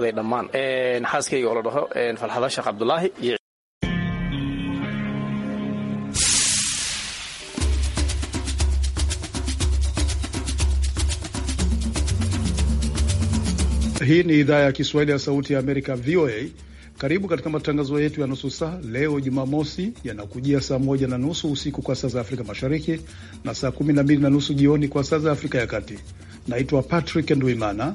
dhammaan xaaskayga oo la dhaho falxada sheekh cabdulaahi iyo Hii ni idhaa ya Kiswahili ya Sauti ya Amerika, VOA. Karibu katika matangazo yetu ya nusu saa leo Jumamosi, yanakujia saa moja na nusu usiku kwa saa za Afrika Mashariki na saa kumi na mbili na nusu jioni kwa saa za Afrika ya Kati. Naitwa Patrick Ndwimana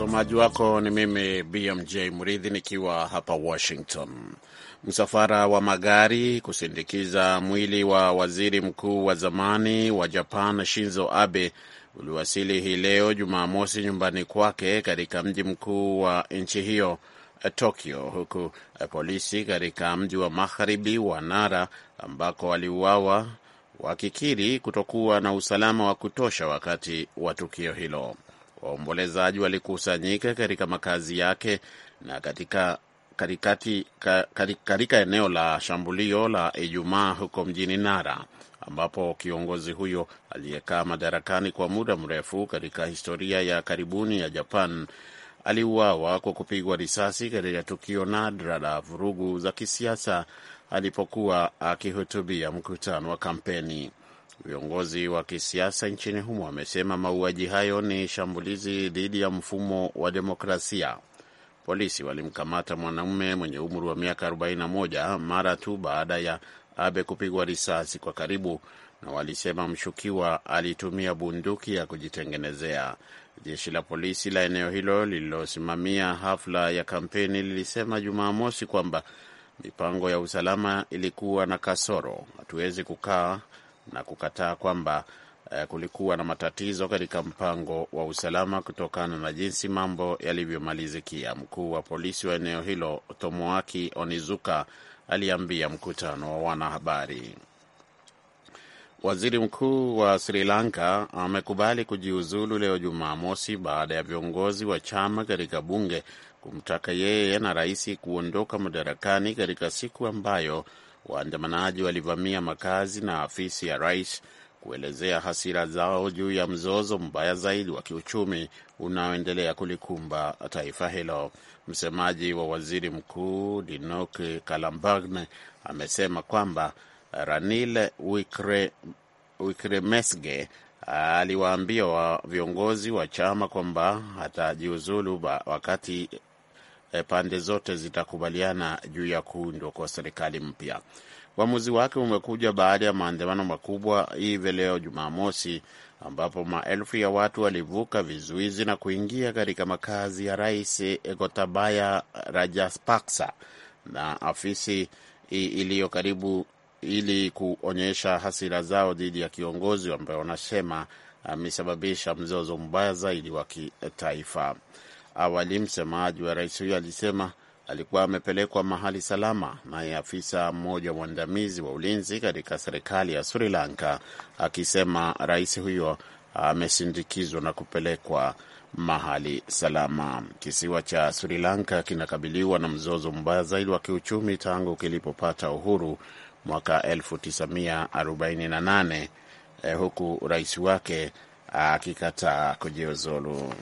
Msomaji wako ni mimi BMJ Mridhi nikiwa hapa Washington. Msafara wa magari kusindikiza mwili wa waziri mkuu wa zamani wa Japan Shinzo Abe uliwasili hii leo Jumamosi nyumbani kwake katika mji mkuu wa nchi hiyo Tokyo, huku polisi katika mji wa magharibi wa Nara ambako aliuawa wakikiri kutokuwa na usalama wa kutosha wakati wa tukio hilo. Waombolezaji walikusanyika katika makazi yake na katika katikati katika eneo la shambulio la Ijumaa huko mjini Nara ambapo kiongozi huyo aliyekaa madarakani kwa muda mrefu katika historia ya karibuni ya Japan aliuawa kwa kupigwa risasi katika tukio nadra la vurugu za kisiasa alipokuwa akihutubia mkutano wa kampeni. Viongozi wa kisiasa nchini humo wamesema mauaji hayo ni shambulizi dhidi ya mfumo wa demokrasia. Polisi walimkamata mwanaume mwenye umri wa miaka 41 mara tu baada ya Abe kupigwa risasi kwa karibu, na walisema mshukiwa alitumia bunduki ya kujitengenezea. Jeshi la polisi la eneo hilo lililosimamia hafla ya kampeni lilisema Jumamosi kwamba mipango ya usalama ilikuwa na kasoro. Hatuwezi kukaa na kukataa kwamba eh, kulikuwa na matatizo katika mpango wa usalama kutokana na jinsi mambo yalivyomalizikia. Mkuu wa polisi wa eneo hilo Tomoaki Onizuka aliambia mkutano wa wanahabari. Waziri mkuu wa Sri Lanka amekubali kujiuzulu leo Jumamosi baada ya viongozi wa chama katika bunge kumtaka yeye na rais kuondoka madarakani katika siku ambayo waandamanaji walivamia makazi na afisi ya rais kuelezea hasira zao juu ya mzozo mbaya zaidi wa kiuchumi unaoendelea kulikumba taifa hilo. Msemaji wa waziri mkuu Dinok Kalambagne amesema kwamba Ranil Wikremesge aliwaambia wa viongozi wa chama kwamba hatajiuzulu wakati eh, pande zote zitakubaliana juu ya kuundwa kwa serikali mpya. Uamuzi wake umekuja baada ya maandamano makubwa hivi leo Jumamosi, ambapo maelfu ya watu walivuka vizuizi na kuingia katika makazi ya rais Gotabaya Rajapaksa na afisi iliyo karibu ili kuonyesha hasira zao dhidi ya kiongozi ambayo wanasema amesababisha mzozo mbaya zaidi wa kitaifa. Awali msemaji wa rais huyo alisema alikuwa amepelekwa mahali salama, naye afisa mmoja mwandamizi wa ulinzi katika serikali ya Sri Lanka akisema rais huyo amesindikizwa na kupelekwa mahali salama. Kisiwa cha Sri Lanka kinakabiliwa na mzozo mbaya zaidi wa kiuchumi tangu kilipopata uhuru mwaka 1948 eh, huku rais wake akikataa kujiuzulu.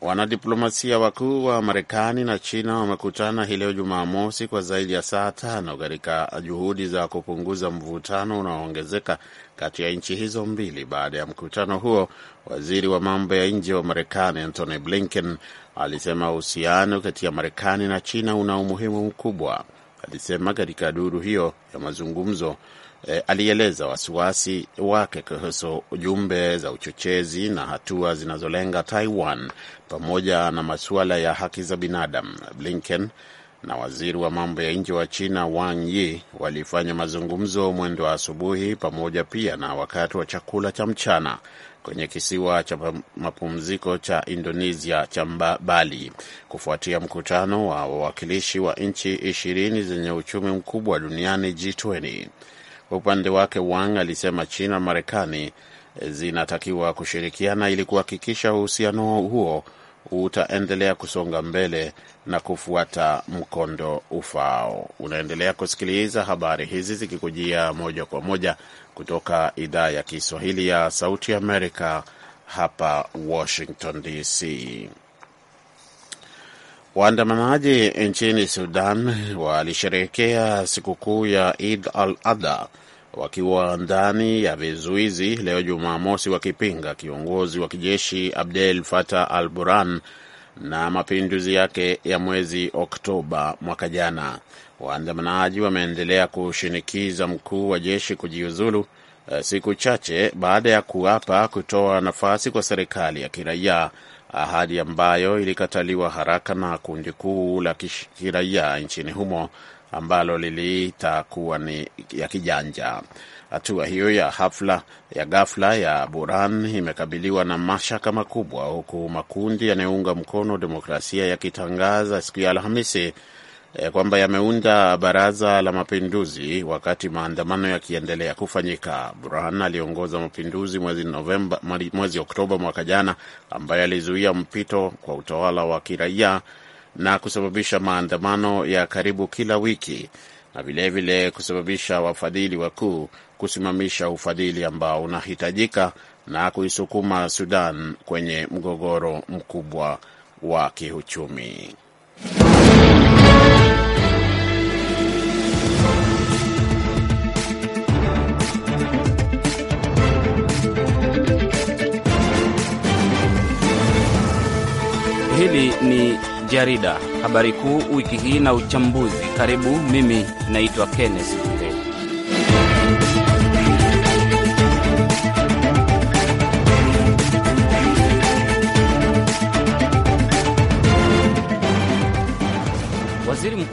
Wanadiplomasia wakuu wa Marekani na China wamekutana hii leo Jumamosi kwa zaidi ya saa tano katika juhudi za kupunguza mvutano unaoongezeka kati ya nchi hizo mbili. Baada ya mkutano huo, waziri wa mambo ya nje wa Marekani Antony Blinken alisema uhusiano kati ya Marekani na China una umuhimu mkubwa. Alisema katika duru hiyo ya mazungumzo e, alieleza wasiwasi wake kuhusu jumbe za uchochezi na hatua zinazolenga Taiwan pamoja na masuala ya haki za binadamu. Blinken na waziri wa mambo ya nje wa China Wang Yi walifanya mazungumzo mwendo wa asubuhi pamoja pia na wakati wa chakula cha mchana kwenye kisiwa cha mapumziko cha Indonesia cha Bali kufuatia mkutano wa wawakilishi wa nchi ishirini zenye uchumi mkubwa duniani G20. Kwa upande wake, Wang alisema China na Marekani zinatakiwa kushirikiana ili kuhakikisha uhusiano huo utaendelea kusonga mbele na kufuata mkondo ufaao. Unaendelea kusikiliza habari hizi zikikujia moja kwa moja kutoka idhaa ya Kiswahili ya Sauti Amerika hapa Washington DC. Waandamanaji nchini Sudan walisherehekea sikukuu ya id al-Adha wakiwa ndani ya vizuizi leo Jumamosi, wakipinga kiongozi wa kijeshi Abdel fatah al buran na mapinduzi yake ya mwezi Oktoba mwaka jana. Waandamanaji wameendelea kushinikiza mkuu wa jeshi kujiuzulu eh, siku chache baada ya kuapa kutoa nafasi kwa serikali ya kiraia ahadi ambayo ilikataliwa haraka na kundi kuu la kiraia nchini humo ambalo liliita kuwa ni ya kijanja. Hatua hiyo ya hafla ya ghafla ya buran imekabiliwa na mashaka makubwa, huku makundi yanayounga mkono demokrasia yakitangaza siku ya Alhamisi E, kwamba yameunda baraza la mapinduzi wakati maandamano yakiendelea kufanyika. Burhan aliongoza mapinduzi mwezi Novemba, mwezi Oktoba mwaka jana ambayo alizuia mpito kwa utawala wa kiraia na kusababisha maandamano ya karibu kila wiki na vilevile kusababisha wafadhili wakuu kusimamisha ufadhili ambao unahitajika na kuisukuma Sudan kwenye mgogoro mkubwa wa kiuchumi. ni jarida habari kuu wiki hii na uchambuzi. Karibu, mimi naitwa Kenneth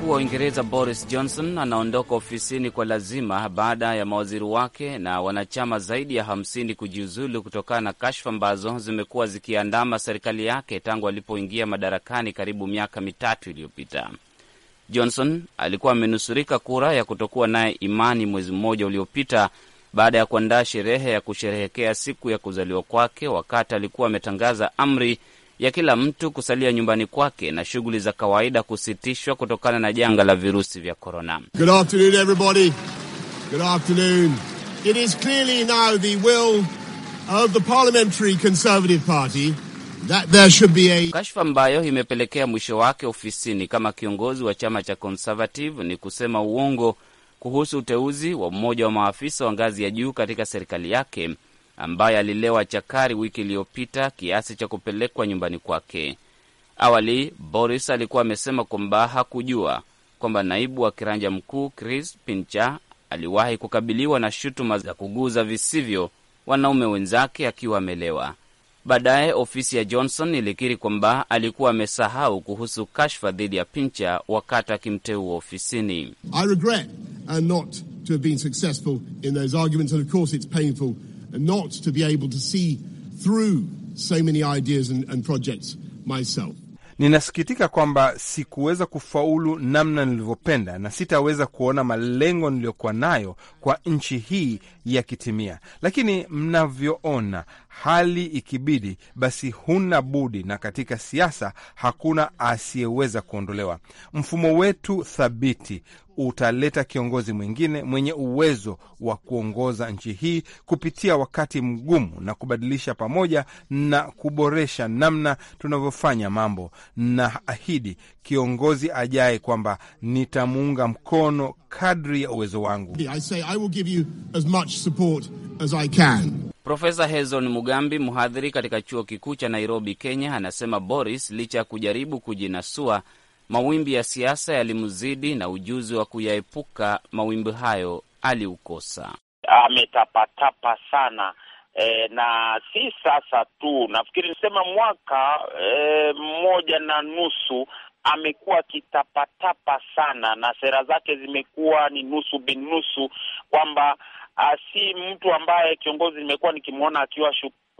mkuu wa Uingereza Boris Johnson anaondoka ofisini kwa lazima baada ya mawaziri wake na wanachama zaidi ya 50 kujiuzulu kutokana na kashfa ambazo zimekuwa zikiandama serikali yake tangu alipoingia madarakani karibu miaka mitatu iliyopita. Johnson alikuwa amenusurika kura ya kutokuwa naye imani mwezi mmoja uliopita baada ya kuandaa sherehe ya kusherehekea siku ya kuzaliwa kwake, wakati alikuwa ametangaza amri ya kila mtu kusalia nyumbani kwake na shughuli za kawaida kusitishwa kutokana na janga la virusi vya korona. kashfa ambayo imepelekea mwisho wake ofisini kama kiongozi wa chama cha Conservative ni kusema uongo kuhusu uteuzi wa mmoja wa maafisa wa ngazi ya juu katika serikali yake ambaye alilewa chakari wiki iliyopita kiasi cha kupelekwa nyumbani kwake. Awali Boris alikuwa amesema kwamba hakujua kwamba naibu wa kiranja mkuu Chris Pincha aliwahi kukabiliwa na shutuma za kuguza visivyo wanaume wenzake akiwa amelewa. Baadaye ofisi ya Johnson ilikiri kwamba alikuwa amesahau kuhusu kashfa dhidi ya Pincha wakati akimteua ofisini. I regret uh, not to have been successful in those arguments and of course it's painful not to be able to see through so many ideas and, and projects myself. Ninasikitika kwamba sikuweza kufaulu namna nilivyopenda na sitaweza kuona malengo niliyokuwa nayo kwa nchi hii yakitimia, lakini mnavyoona hali ikibidi, basi huna budi, na katika siasa hakuna asiyeweza kuondolewa. Mfumo wetu thabiti utaleta kiongozi mwingine mwenye uwezo wa kuongoza nchi hii kupitia wakati mgumu na kubadilisha pamoja na kuboresha namna tunavyofanya mambo. Na ahidi kiongozi ajaye kwamba nitamuunga mkono kadri ya uwezo wangu. I say, I will give you as much support as I can. Profesa hezon Mugambi, mhadhiri katika chuo kikuu cha Nairobi, Kenya, anasema Boris licha ya kujaribu kujinasua, mawimbi ya siasa yalimzidi na ujuzi wa kuyaepuka mawimbi hayo aliukosa. Ametapatapa sana e, na si sasa tu, nafikiri nisema mwaka e, mmoja na nusu amekuwa akitapatapa sana na sera zake zimekuwa ni nusu binusu, kwamba Ah, si mtu ambaye kiongozi nimekuwa nikimwona akiwa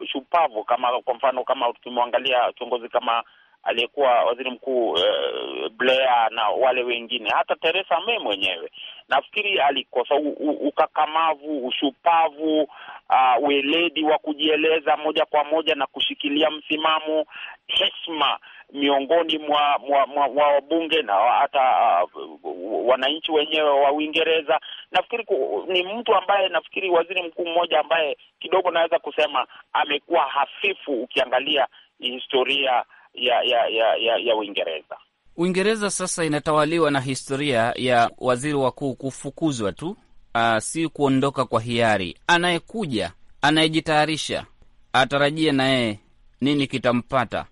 shupavu, kama kwa mfano kama tukimwangalia kiongozi kama aliyekuwa waziri mkuu uh, Blair na wale wengine, hata Theresa May mwenyewe nafikiri alikosa ukakamavu, ushupavu, uh, ah, weledi wa kujieleza moja kwa moja na kushikilia msimamo, heshima miongoni mwa mwa, mwa, mwa wabunge na hata uh, wananchi wenyewe wa Uingereza. Nafikiri ni mtu ambaye nafikiri waziri mkuu mmoja ambaye kidogo naweza kusema amekuwa hafifu ukiangalia historia ya ya ya ya, ya Uingereza. Uingereza sasa inatawaliwa na historia ya waziri wakuu kufukuzwa tu, uh, si kuondoka kwa hiari. Anayekuja anayejitayarisha atarajie naye nini kitampata?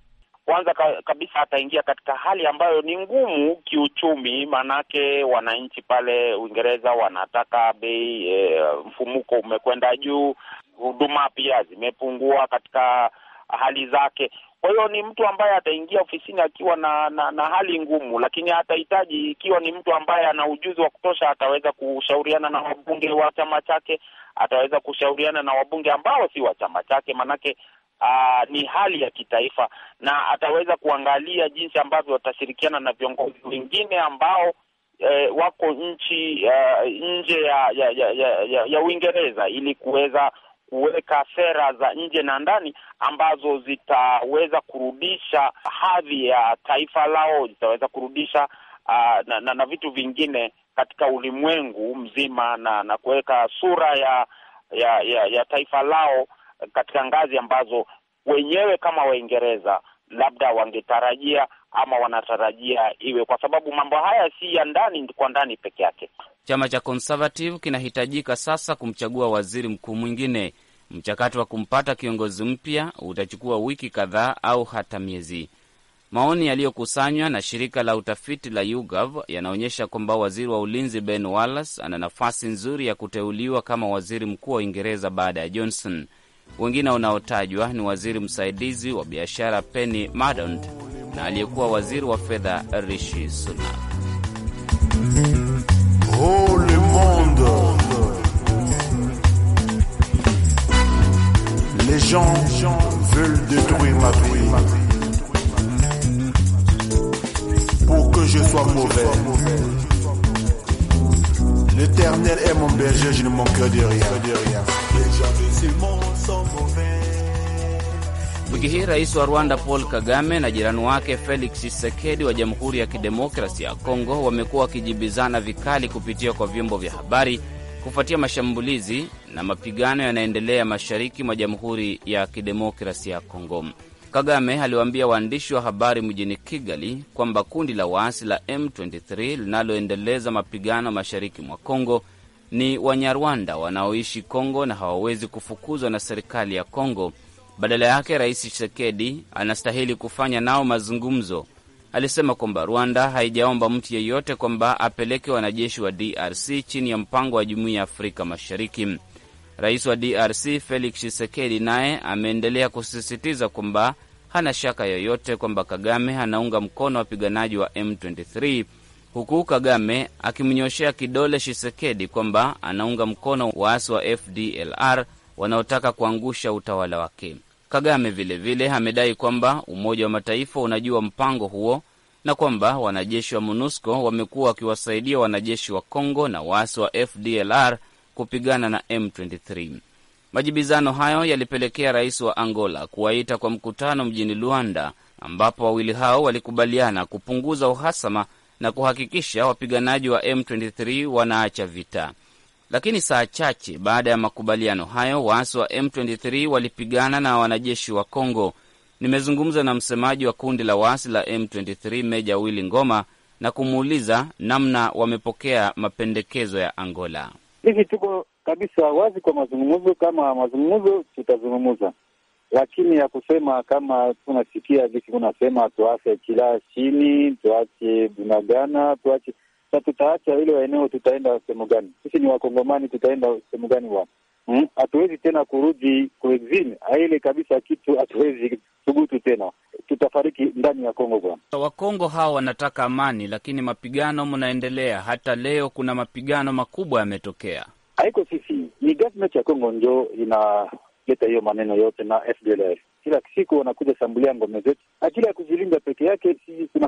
kwanza ka, kabisa ataingia katika hali ambayo ni ngumu kiuchumi, maanake wananchi pale Uingereza wanataka bei e, mfumuko umekwenda juu, huduma pia zimepungua katika hali zake. Kwa hiyo ni mtu ambaye ataingia ofisini akiwa na, na na hali ngumu, lakini atahitaji, ikiwa ni mtu ambaye ana ujuzi wa kutosha, ataweza kushauriana na wabunge wa chama chake, ataweza kushauriana na wabunge ambao si wa chama chake, maanake Uh, ni hali ya kitaifa na ataweza kuangalia jinsi ambavyo watashirikiana na viongozi wengine ambao eh, wako nchi uh, nje ya ya, ya, ya, ya Uingereza ili kuweza kuweka sera za nje na ndani ambazo zitaweza kurudisha hadhi ya taifa lao, zitaweza kurudisha uh, na, na, na vitu vingine katika ulimwengu mzima na, na kuweka sura ya ya, ya ya taifa lao katika ngazi ambazo wenyewe kama Waingereza labda wangetarajia ama wanatarajia iwe, kwa sababu mambo haya si ya ndani kwa ndani peke yake. Chama cha Conservative kinahitajika sasa kumchagua waziri mkuu mwingine. Mchakato wa kumpata kiongozi mpya utachukua wiki kadhaa au hata miezi. Maoni yaliyokusanywa na shirika la utafiti la YouGov yanaonyesha kwamba waziri wa ulinzi Ben Wallace ana nafasi nzuri ya kuteuliwa kama waziri mkuu wa Uingereza baada ya Johnson. Wengine wanaotajwa ni waziri msaidizi wa biashara Penny Mordaunt na aliyekuwa waziri wa fedha Rishi Sunak. Oh, Wiki hii rais wa Rwanda Paul Kagame na jirani wake Felix Tshisekedi wa Jamhuri ya Kidemokrasia ya Kongo wamekuwa wakijibizana vikali kupitia kwa vyombo vya habari kufuatia mashambulizi na mapigano yanaendelea mashariki mwa Jamhuri ya Kidemokrasia ya Kongo. Kagame aliwaambia waandishi wa habari mjini Kigali kwamba kundi la waasi la M23 linaloendeleza mapigano mashariki mwa Kongo ni Wanyarwanda wanaoishi Kongo na hawawezi kufukuzwa na serikali ya Kongo badala yake Rais Tshisekedi anastahili kufanya nao mazungumzo. Alisema kwamba Rwanda haijaomba mtu yeyote kwamba apeleke wanajeshi wa DRC chini ya mpango wa Jumuiya ya Afrika Mashariki. Rais wa DRC Felix Tshisekedi naye ameendelea kusisitiza kwamba hana shaka yoyote kwamba Kagame anaunga mkono wapiganaji wa M23 huku Kagame akimnyoshea kidole Tshisekedi kwamba anaunga mkono waasi wa FDLR wanaotaka kuangusha utawala wake. Kagame vilevile amedai kwamba Umoja wa Mataifa unajua mpango huo na kwamba wanajeshi wa MONUSCO wamekuwa wakiwasaidia wanajeshi wa Kongo na waasi wa FDLR kupigana na M23. Majibizano hayo yalipelekea rais wa Angola kuwaita kwa mkutano mjini Luanda, ambapo wawili hao walikubaliana kupunguza uhasama na kuhakikisha wapiganaji wa M23 wanaacha vita. Lakini saa chache baada ya makubaliano hayo, waasi wa M23 walipigana na wanajeshi wa Kongo. Nimezungumza na msemaji wa kundi la waasi la M23 Meja Willy Ngoma na kumuuliza namna wamepokea mapendekezo ya Angola. Hivi tuko kabisa wazi kwa mazungumzo, kama mazungumzo tutazungumza, lakini ya kusema kama tunasikia viki kunasema tuache kila chini, tuache bunagana, tuache na tutaacha ile eneo, tutaenda sehemu gani? Sisi ni Wakongomani, tutaenda sehemu gani? wa hmm? hatuwezi hmm? tena kurudi kuexil aile kabisa, kitu hatuwezi thubutu tena, tutafariki ndani ya Kongo bwana. Wakongo hao wanataka amani, lakini mapigano mnaendelea. Hata leo kuna mapigano makubwa yametokea. Haiko sisi, ni government ya Kongo ndio inaleta hiyo maneno yote na FDLR kila siku wanakuja shambulia ngome zetu ajili ya kujilinda peke yake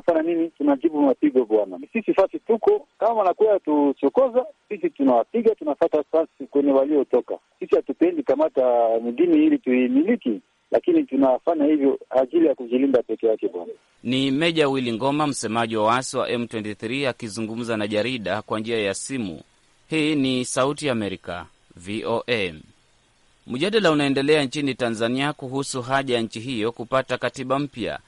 tunafanya nini? Tunajibu mapigo bwana, sisi fasi tuko kama wanakuwa tuchokoza sisi, tunawapiga tunafata fasi kwenye waliotoka. Sisi hatupendi kamata mdini ili tuimiliki, lakini tunafanya hivyo ajili ya kujilinda peke yake bwana. Ni Meja Willy Ngoma, msemaji wa waasi wa M23 akizungumza na jarida kwa njia ya simu. Hii ni Sauti ya Amerika, VOA. Mjadala unaendelea nchini Tanzania kuhusu haja ya nchi hiyo kupata katiba mpya.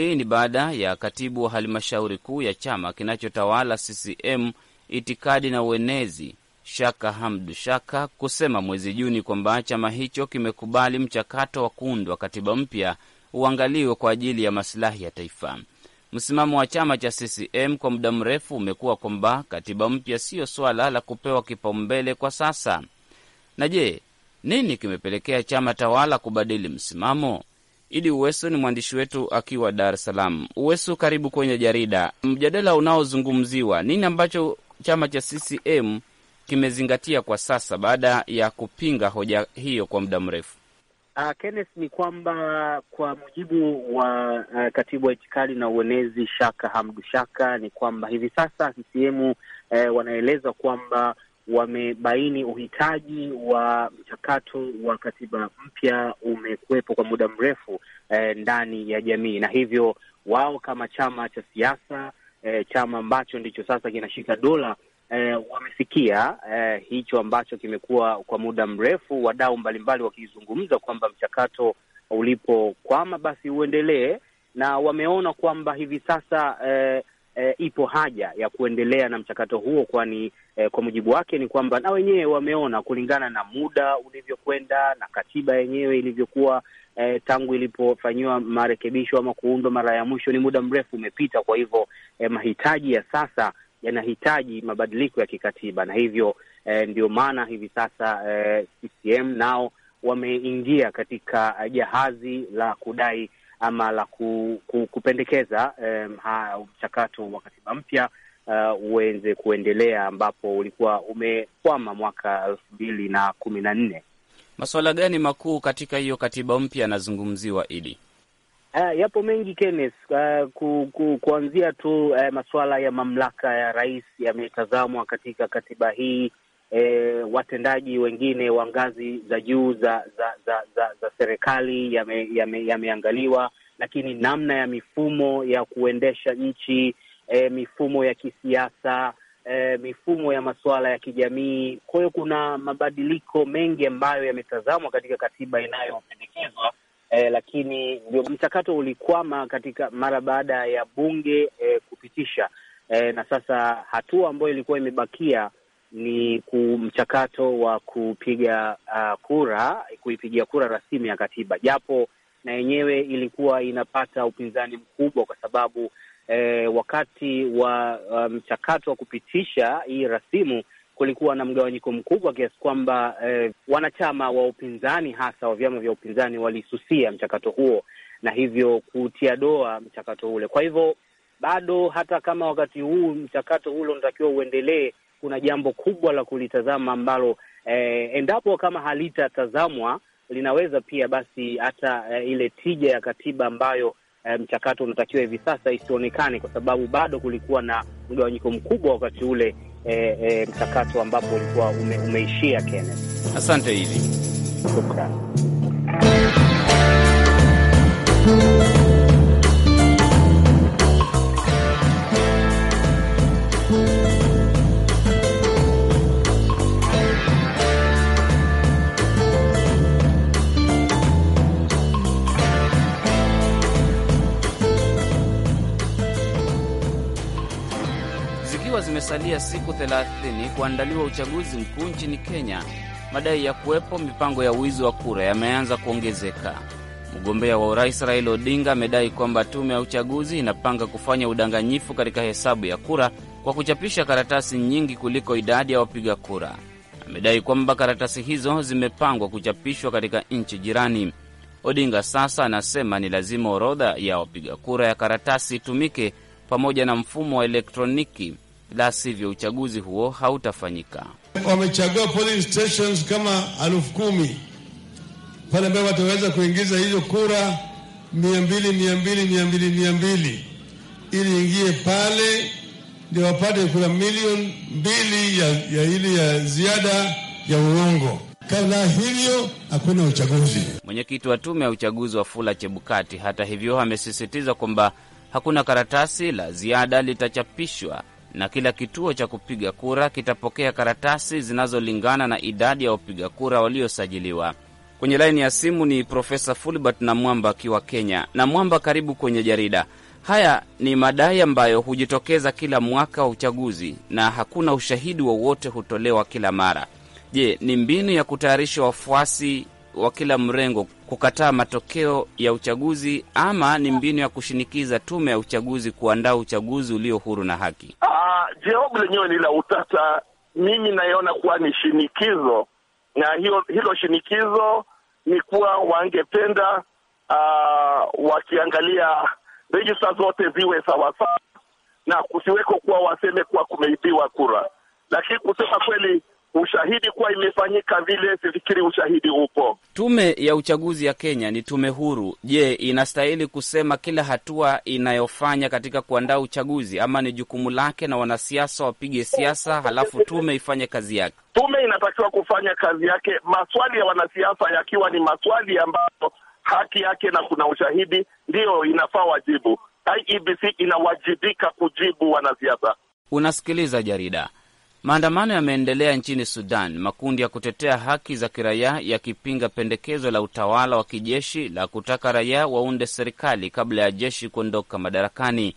Hii ni baada ya katibu wa halmashauri kuu ya chama kinachotawala CCM itikadi na uenezi Shaka Hamdu Shaka kusema mwezi Juni kwamba chama hicho kimekubali mchakato wa kuundwa katiba mpya uangaliwe kwa ajili ya masilahi ya taifa. Msimamo wa chama cha CCM kwa muda mrefu umekuwa kwamba katiba mpya siyo swala la kupewa kipaumbele kwa sasa. Na je, nini kimepelekea chama tawala kubadili msimamo? Idi Uwesu ni mwandishi wetu akiwa Dar es Salaam. Uwesu, karibu kwenye jarida. Mjadala unaozungumziwa nini ambacho chama cha CCM kimezingatia kwa sasa baada ya kupinga hoja hiyo kwa muda mrefu? Uh, Kenneth, ni kwamba kwa mujibu wa uh, katibu wa itikadi na uenezi Shaka Hamdu Shaka ni kwamba hivi sasa CCM uh, eh, wanaeleza kwamba wamebaini uhitaji wa mchakato wa katiba mpya umekuwepo kwa muda mrefu eh, ndani ya jamii, na hivyo wao kama chama cha siasa eh, chama ambacho ndicho sasa kinashika dola eh, wamefikia eh, hicho ambacho kimekuwa kwa muda mrefu, wadau mbalimbali wakizungumza kwamba mchakato ulipokwama basi uendelee, na wameona kwamba hivi sasa eh, eh, ipo haja ya kuendelea na mchakato huo kwani e, kwa mujibu wake ni kwamba na wenyewe wameona kulingana na muda ulivyokwenda na katiba yenyewe ilivyokuwa E, tangu ilipofanyiwa marekebisho ama kuundwa mara ya mwisho ni muda mrefu umepita. Kwa hivyo e, mahitaji ya sasa yanahitaji mabadiliko ya kikatiba, na hivyo e, ndio maana hivi sasa e, CCM nao wameingia katika jahazi la kudai ama la ku, ku, kupendekeza mchakato mchakato wa katiba mpya uh, uweze kuendelea ambapo ulikuwa umekwama mwaka elfu mbili na kumi na nne. Masuala gani makuu katika hiyo katiba mpya yanazungumziwa, Idi? Uh, yapo mengi Kenneth, uh, ku, ku, kuanzia tu uh, masuala ya mamlaka ya rais yametazamwa katika katiba hii. Uh, watendaji wengine wa ngazi za juu za za za, za, za serikali yameangaliwa, yame, yame, lakini namna ya mifumo ya kuendesha nchi e, mifumo ya kisiasa e, mifumo ya masuala ya kijamii. Kwa hiyo kuna mabadiliko mengi ambayo yametazamwa katika katiba inayopendekezwa e, lakini ndio mchakato ulikwama katika mara baada ya bunge e, kupitisha e, na sasa hatua ambayo ilikuwa imebakia ni mchakato wa kupiga uh, kura kuipigia kura rasimu ya katiba, japo na yenyewe ilikuwa inapata upinzani mkubwa, kwa sababu eh, wakati wa um, mchakato um, wa kupitisha hii rasimu kulikuwa na mgawanyiko mkubwa kiasi kwamba eh, wanachama wa upinzani hasa wa vyama vya upinzani walisusia mchakato huo na hivyo kutia doa mchakato ule. Kwa hivyo bado hata kama wakati huu mchakato ule unatakiwa uendelee, kuna jambo kubwa la kulitazama ambalo eh, endapo kama halitatazamwa linaweza pia basi hata eh, ile tija ya katiba ambayo Eh, mchakato unatakiwa hivi sasa isionekane, kwa sababu bado kulikuwa na mgawanyiko mkubwa wakati ule e, e, mchakato ambapo ulikuwa ume, umeishia. kene. asante hivi, shukrani. zimesalia siku 30 kuandaliwa uchaguzi mkuu nchini Kenya, madai ya kuwepo mipango ya wizi wa kura yameanza kuongezeka. Mgombea wa urais Raila Odinga amedai kwamba tume ya uchaguzi inapanga kufanya udanganyifu katika hesabu ya kura kwa kuchapisha karatasi nyingi kuliko idadi ya wapiga kura. Amedai kwamba karatasi hizo zimepangwa kuchapishwa katika nchi jirani. Odinga sasa anasema ni lazima orodha ya wapiga kura ya karatasi itumike pamoja na mfumo wa elektroniki la sivyo uchaguzi huo hautafanyika. Wamechagua polling stations kama elfu kumi pale ambayo wataweza kuingiza hizo kura mia mbili mia mbili mia mbili mia mbili ili ingie pale, ndio wapate kura milioni mbili ya, ya ili ya ziada ya uongo. Kabla hivyo hakuna uchaguzi. Mwenyekiti wa tume ya uchaguzi wa fula Chebukati hata hivyo amesisitiza kwamba hakuna karatasi la ziada litachapishwa na kila kituo cha kupiga kura kitapokea karatasi zinazolingana na idadi ya wapiga kura waliosajiliwa. Kwenye laini ya simu ni Profesa Fulbert Namwamba akiwa Kenya. Namwamba, karibu kwenye jarida. Haya ni madai ambayo hujitokeza kila mwaka wa uchaguzi na hakuna ushahidi wowote hutolewa kila mara. Je, ni mbinu ya kutayarisha wafuasi wa kila mrengo kukataa matokeo ya uchaguzi ama ni mbinu ya kushinikiza tume ya uchaguzi kuandaa uchaguzi ulio huru na haki? jawabu lenyewe ni la utata. Mimi naiona kuwa ni shinikizo, na hiyo, hilo shinikizo ni kuwa wangependa uh, wakiangalia rejista zote ziwe sawasawa na kusiweko kuwa waseme kuwa kumeibiwa kura, lakini kusema kweli ushahidi kuwa imefanyika vile, sifikiri ushahidi upo. Tume ya uchaguzi ya Kenya ni tume huru. Je, inastahili kusema kila hatua inayofanya katika kuandaa uchaguzi ama ni jukumu lake na wanasiasa wapige siasa, halafu tume ifanye kazi yake? Tume inatakiwa kufanya kazi yake, maswali ya wanasiasa yakiwa ni maswali ambayo haki yake na kuna ushahidi, ndiyo inafaa wajibu. IEBC inawajibika kujibu wanasiasa. Unasikiliza jarida Maandamano yameendelea nchini Sudan, makundi ya kutetea haki za kiraia yakipinga pendekezo la utawala wa kijeshi la kutaka raia waunde serikali kabla ya jeshi kuondoka madarakani.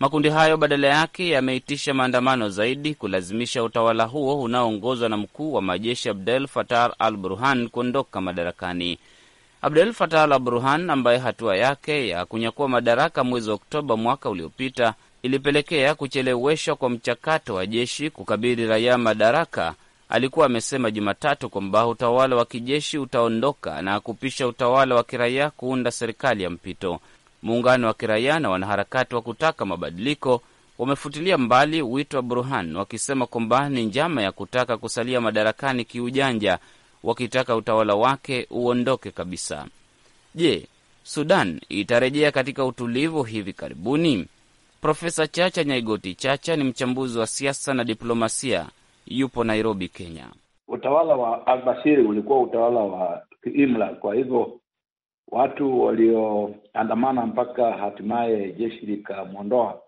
Makundi hayo badala yake yameitisha maandamano zaidi kulazimisha utawala huo unaoongozwa na mkuu wa majeshi Abdel Fattah al Burhan kuondoka madarakani. Abdel Fattah al Burhan ambaye hatua yake ya kunyakua madaraka mwezi Oktoba mwaka uliopita ilipelekea kucheleweshwa kwa mchakato wa jeshi kukabidhi raia madaraka. Alikuwa amesema Jumatatu kwamba utawala wa kijeshi utaondoka na kupisha utawala wa kiraia kuunda serikali ya mpito. Muungano wa kiraia na wanaharakati wa kutaka mabadiliko wamefutilia mbali wito wa Burhan wakisema kwamba ni njama ya kutaka kusalia madarakani kiujanja, wakitaka utawala wake uondoke kabisa. Je, Sudan itarejea katika utulivu hivi karibuni? Profesa Chacha Nyaigoti Chacha ni mchambuzi wa siasa na diplomasia, yupo Nairobi, Kenya. Utawala wa Albashiri ulikuwa utawala wa kiimla, kwa hivyo watu walioandamana mpaka hatimaye jeshi likamwondoa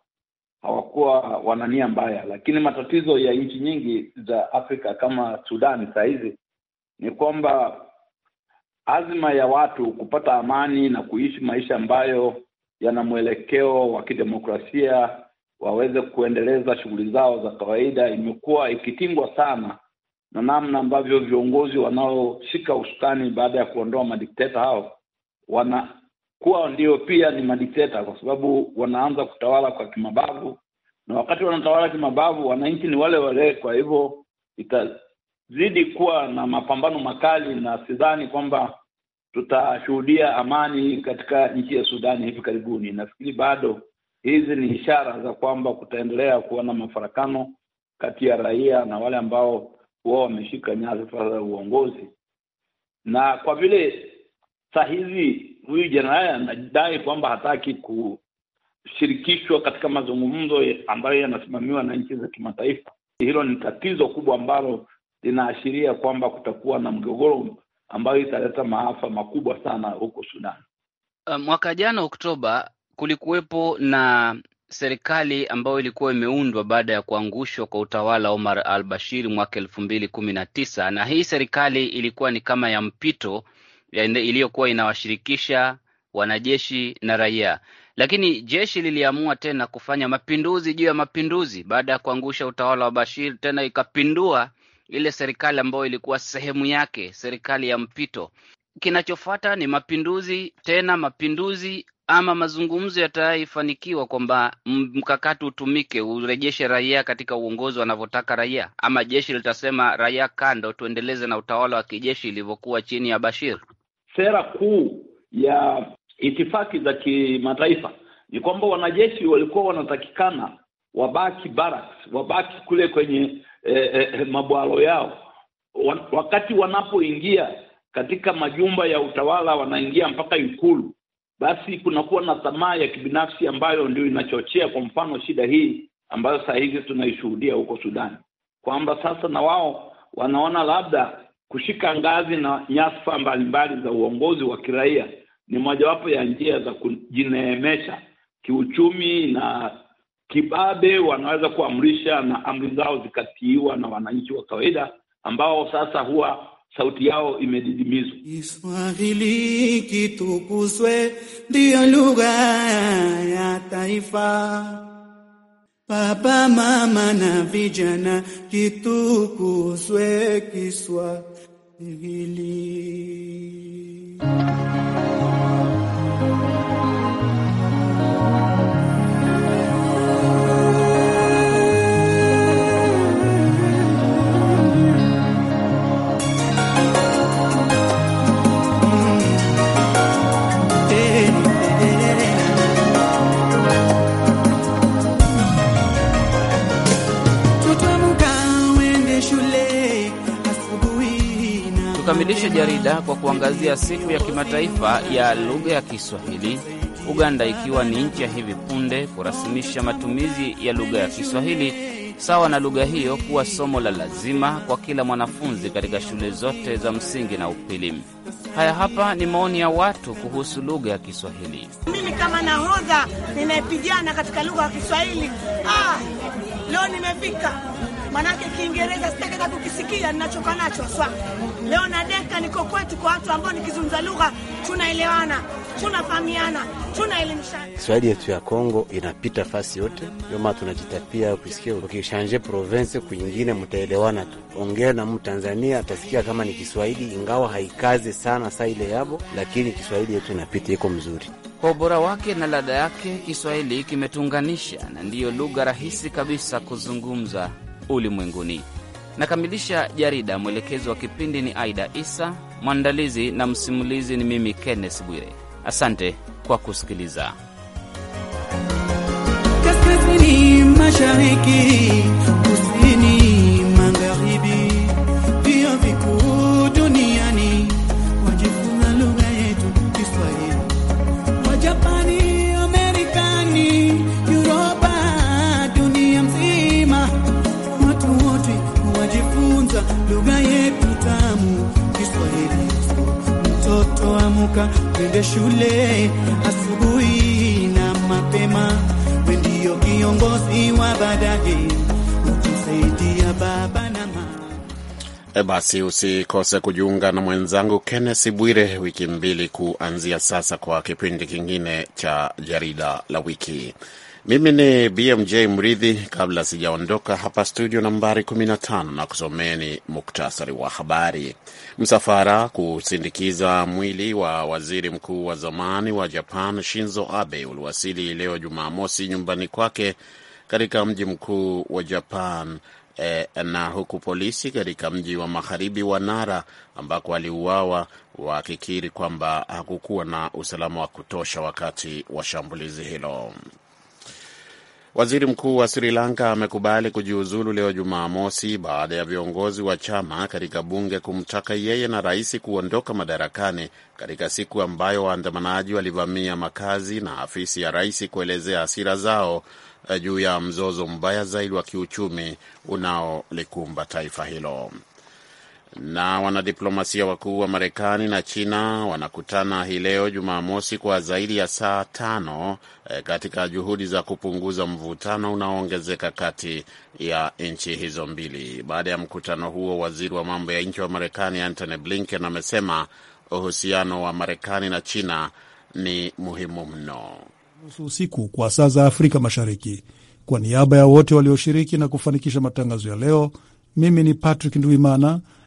hawakuwa wana nia mbaya, lakini matatizo ya nchi nyingi za Afrika kama Sudani saa hizi ni kwamba azma ya watu kupata amani na kuishi maisha ambayo yana mwelekeo wa kidemokrasia waweze kuendeleza shughuli zao za kawaida. Imekuwa ikitingwa sana na namna ambavyo viongozi wanaoshika usukani baada ya kuondoa madikteta hao wanakuwa ndio pia ni madikteta, kwa sababu wanaanza kutawala kwa kimabavu, na wakati wanatawala kimabavu wananchi ni wale wale. Kwa hivyo itazidi kuwa na mapambano makali, na sidhani kwamba tutashuhudia amani katika nchi ya Sudani hivi karibuni. Nafikiri bado hizi ni ishara za kwamba kutaendelea kuwa na mafarakano kati ya raia na wale ambao huwa wameshika nyadhifa za uongozi, na kwa vile saa hizi huyu jenerali anadai kwamba hataki kushirikishwa katika mazungumzo ambayo yanasimamiwa na nchi za kimataifa, hilo ni tatizo kubwa ambalo linaashiria kwamba kutakuwa na mgogoro ambayo italeta maafa makubwa sana huko Sudan. Uh, mwaka jana Oktoba, kulikuwepo na serikali ambayo ilikuwa imeundwa baada ya kuangushwa kwa utawala wa Omar al Bashir mwaka elfu mbili kumi na tisa na hii serikali ilikuwa ni kama ya mpito iliyokuwa inawashirikisha wanajeshi na raia, lakini jeshi liliamua tena kufanya mapinduzi juu ya mapinduzi baada ya kuangusha utawala wa Bashir, tena ikapindua ile serikali ambayo ilikuwa sehemu yake, serikali ya mpito. Kinachofuata ni mapinduzi, tena mapinduzi ama mazungumzo yatayofanikiwa kwamba mkakati utumike urejeshe raia katika uongozi wanavyotaka raia, ama jeshi litasema raia kando, tuendeleze na utawala wa kijeshi ilivyokuwa chini ya Bashir. Sera kuu ya itifaki za kimataifa ni kwamba wanajeshi walikuwa wanatakikana wabaki barracks, wabaki kule kwenye Eh, eh, eh, mabwalo yao wakati wanapoingia katika majumba ya utawala wanaingia mpaka ikulu basi kunakuwa na tamaa ya kibinafsi ambayo ndio inachochea kwa mfano shida hii ambayo sasa hivi tunaishuhudia huko Sudani kwamba sasa na wao wanaona labda kushika ngazi na nyasfa mbalimbali za uongozi wa kiraia ni mojawapo ya njia za kujineemesha kiuchumi na kibabe wanaweza kuamrisha na amri zao zikatiiwa na wananchi wa kawaida ambao sasa huwa sauti yao imedidimizwa. Kiswahili kitukuzwe, ndiyo lugha ya taifa. Papa, mama na vijana, kitukuzwe Kiswahili. Tunakamilisha jarida kwa kuangazia siku ya kimataifa ya lugha ya Kiswahili, Uganda ikiwa ni nchi ya hivi punde kurasimisha matumizi ya lugha ya Kiswahili sawa na lugha hiyo kuwa somo la lazima kwa kila mwanafunzi katika shule zote za msingi na upili. Haya hapa ni maoni ya watu kuhusu lugha ya Kiswahili. Mimi kama nahodha ninayepigana katika lugha ya Kiswahili, ah, leo nimefika Manake Kiingereza sitakata kukisikia, ninachoka nacho swa leo na deka. Niko kwetu kwa watu ambao nikizungumza lugha tunaelewana, tunafahamiana, tunaelimishana. Swahili yetu ya Kongo inapita fasi yote, ndio maana tunajitapia kusikia. Ukishanje province kwingine, mtaelewana tu. Ongea na Mtanzania atasikia kama ni Kiswahili, ingawa haikaze sana saa ile yabo, lakini Kiswahili yetu inapita, iko mzuri kwa ubora wake na ladha yake. Kiswahili kimetuunganisha na ndiyo lugha rahisi kabisa kuzungumza ulimwenguni. Nakamilisha jarida. Mwelekezi wa kipindi ni Aida Isa, mwandalizi na msimulizi ni mimi Kenneth Bwire. Asante kwa kusikiliza. Kaskazini, mashariki, kusini kuamka kwenda shule asubuhi na mapema. We ndio kiongozi wa baadaye, ukisaidia baba na mama. E Basi usikose kujiunga na mwenzangu Kenneth Bwire wiki mbili kuanzia sasa kwa kipindi kingine cha jarida la wiki. Mimi ni BMJ Mridhi. Kabla sijaondoka hapa studio nambari 15 na kusomeni muktasari wa habari. Msafara kusindikiza mwili wa waziri mkuu wa zamani wa Japan Shinzo Abe uliwasili leo Jumamosi nyumbani kwake katika mji mkuu wa Japan eh, na huku polisi katika mji wa magharibi wa Nara ambako aliuawa wakikiri kwamba hakukuwa na usalama wa kutosha wakati wa shambulizi hilo. Waziri mkuu wa Sri Lanka amekubali kujiuzulu leo Jumamosi baada ya viongozi wa chama katika bunge kumtaka yeye na rais kuondoka madarakani katika siku ambayo waandamanaji walivamia makazi na afisi ya rais kuelezea hasira zao eh, juu ya mzozo mbaya zaidi wa kiuchumi unaolikumba taifa hilo. Na wanadiplomasia wakuu wa Marekani na China wanakutana hii leo Jumamosi kwa zaidi ya saa tano e, katika juhudi za kupunguza mvutano unaoongezeka kati ya nchi hizo mbili. Baada ya mkutano huo, waziri wa mambo ya nje wa Marekani Antony Blinken amesema uhusiano wa Marekani na China ni muhimu mno. Nusu usiku kwa saa za Afrika Mashariki. Kwa niaba ya wote walioshiriki na kufanikisha matangazo ya leo, mimi ni Patrick Ndwimana